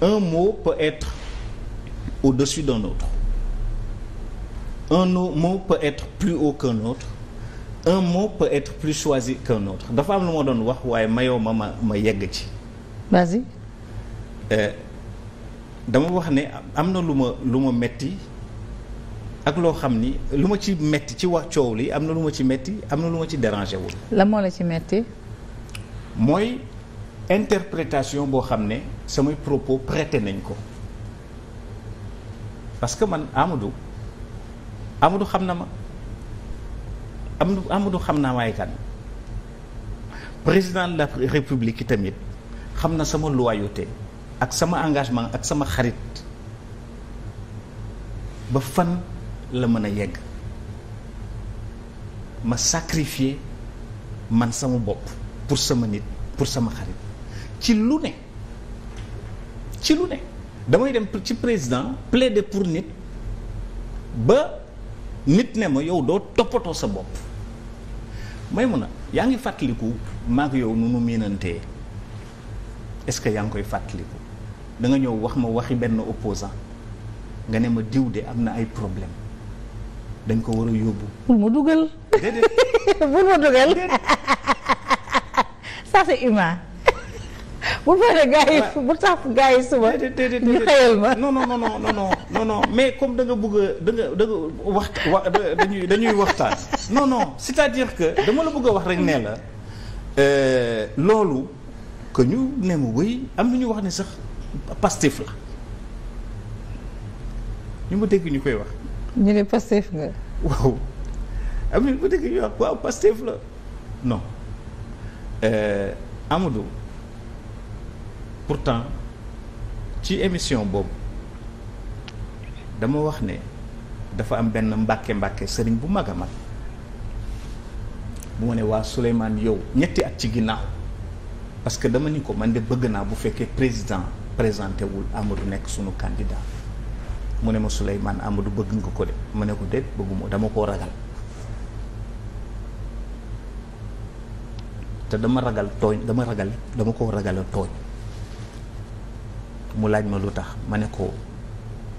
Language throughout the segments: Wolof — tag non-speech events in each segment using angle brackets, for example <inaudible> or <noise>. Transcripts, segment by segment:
un mot peut être au-dessus d'un autre un mot peut être plus haut qu'un autre un mot peut être plus choisi qu'un autre dafa am lu ma doon wax waaye mayoo ma ma ma yegg ci vas-y euh, dama wax ne am na lu ma lu ma metti ak loo xam ni lu ma ci metti ci wax coow li am na lu ma ci metti am na lu ma ci dérangé wul. lan moo la ci metti mooy interprétation boo xam ne samay propos prêté nañ ko parce que man Amadou Amadou xam na ma Amadou Amadou xam naa maay kan président de la république tamit xam na sama loyauté ak sama engagement ak sama xarit ba fan la mën a yegg ma sacrifier man sama bopp pour sama nit pour sama xarit ci lu ne ci lu ne damay dem ci président plaider pour nit ba nit ne ma yow doo toppatoo sa bopp may mun a yaa ngi fàttaliku maag yow nu nu miinantee est-ce que yaa ngi koy fàttaliku danga ñëw wax ma waxi benn opposant nga ne ma diw de am na ay problème dañ ko war a yóbbu. bul ma dugal. <laughs> bul ma dugal <laughs> ça c'est humain. bu fekkee gars yi bu tax gars yi suba. ñu xëyal ma non non non non non non mais comme da nga bëgg a da nga da nga wax dañuy dañuy waxtaan. non non c'est-à-dire que dama la bëgg a wax rek ne la euh, loolu que ñu ne ma wéy am na ñu wax ne sax Pastef la ñu ma dégg ñu koy wax. ñu ne Pastef nga. waaw am na ñu ma dégg ñu wax waaw Pastef la non euh, Amadou. pourtant ci émission boobu dama wax ne dafa am benn mbàkke mbàkke sëriñ bu mag a mag bu ma ne waa Souleymane yow ñetti at ci ginnaaw parce que dama ni ko man de bëgg naa bu fekkee président présenté wul du nekk sunu candidat mu ne ma Souleymane Amadou bëgg nga ko de ma ne ko déet bëgguma dama koo ragal te dama ragal tooñ dama ragal dama koo ragal a tooñ mu laaj ma lu tax ma ne ko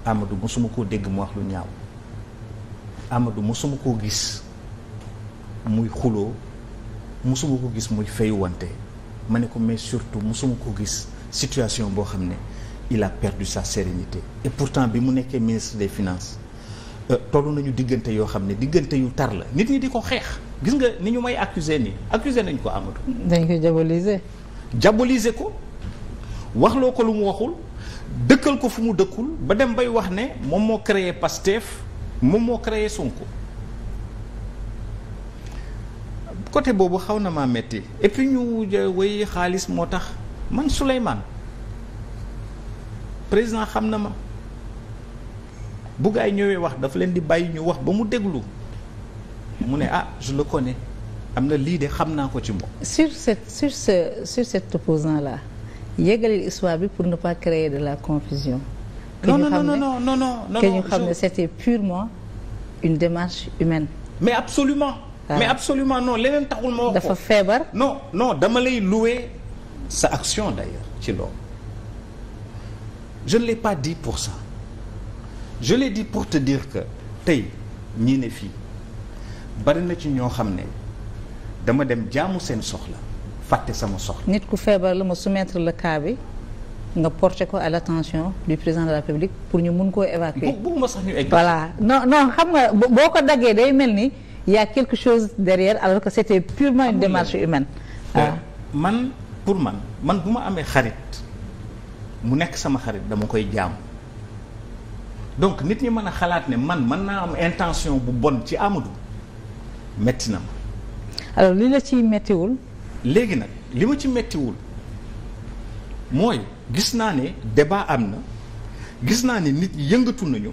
Amadou mosuma koo dégg mu wax lu ñaaw Amadou mosuma koo gis muy xuloo mosuma ko gis muy fay wante ma ne ko mais surtout mosuma ko gis situation boo xam ne il a perdu sa sérénité et pourtant bi mu nekkee ministre de finance euh, toll nañu diggante yoo xam ne diggante yu tar la nit ñi di ko xeex gis nga ni ñu may accuser nii accuser nañ ko Amadou dañ koy diaboliser diaboliser ko waxloo ko lu mu waxul dëkkal ko fu mu dëkkul ba dem bay wax ne moom moo créé Pastef moom moo créer sunk côté boobu xaw na maa metti et ñu way xaalis moo tax man Souleymane président xam na ma bu ay ñëwee wax dafa leen di bàyyi ñu wax ba mu déglu mu ne ah je le connais am na lii de xam naa ko ci moom. sur cette sur ce sur cet opposant là. yëgalil histoire bi pour ne pas créer de la confusion. non non non non non non que ñu xam ne c'était purement une démarche humaine. mais absolument voilà. mais absolument non leneen taxul ma wax ko dafa feebar. non non dama lay louer sa action d'ailleurs ci loolu je ne l'ai pas dit pour ça je l'ai dit pour te dire que tey ñii ne fii bari na ci ñoo xam ne dama dem jaamu seen soxla. fàtte sama soxla. nit ku feebar la ma soumettre le cas bi nga porté ko à l' attention du président de la République pour ñu mun koo évacuer. bëgguma sax ñu egg. voilà non non xam nga boo ko daggee day mel ni y' a quelque chose derrière alors que c' était purement une démarche humaine. waaw euh, man pour man man bu ma amee xarit mu nekk sama xarit dama koy jaam donc nit ñi mën a xalaat ne man man naa am intention bu bon ci Amadou metti na ma. alors li la ciy méttiwul. léegi nag li ma ci méttiwul mooy gis naa ne débat am na gis naa ne nit yëngatu nañu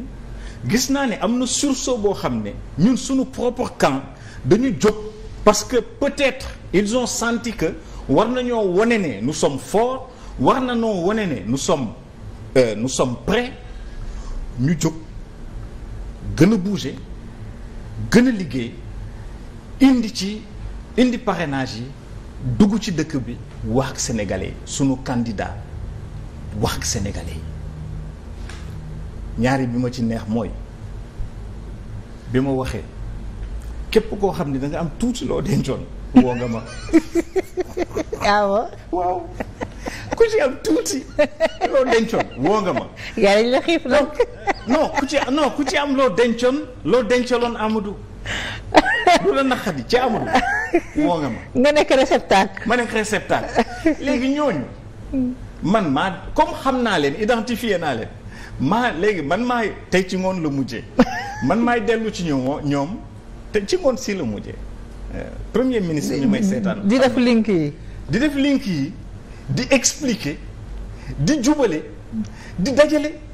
gis naa ne am na sursaut boo xam ne ñun suñu propre camp dañu jóg parce que peut-être ils ont senti que war nañoo wane ne nous sommes forts war nañoo wane ne nous sommes euh, nous près ñu jóg gën a bouger gën a liggéey indi ci indi parrainage yi dugg ci dëkk bi wax ak sénégalais sunu candidat wax ak sénégalais ñaari bi ma ci neex mooy bi ma waxee képp koo xam ne da nga am tuuti loo dencoon woo nga ma. <laughs> Ah waaw. ci am tuuti woo nga ma. yaa la xiif nag. non ku ci am loo dencoon loo dencaloon Amadou. <laughs> du la naqari ci Amadou. woo nga ma. nga nekk réceptacle. ma nekk réceptacle léegi ñooñu. man maa comme xam naa leen identifié naa leen maa léegi man maay tey ci ngoon la mujjee man maay dellu ci ñoom ñoom te ci ngoon si la mujjee euh, premier ministre ñu may seetaan. di def link yi. di def link yi di expliquer di jubale di dajale.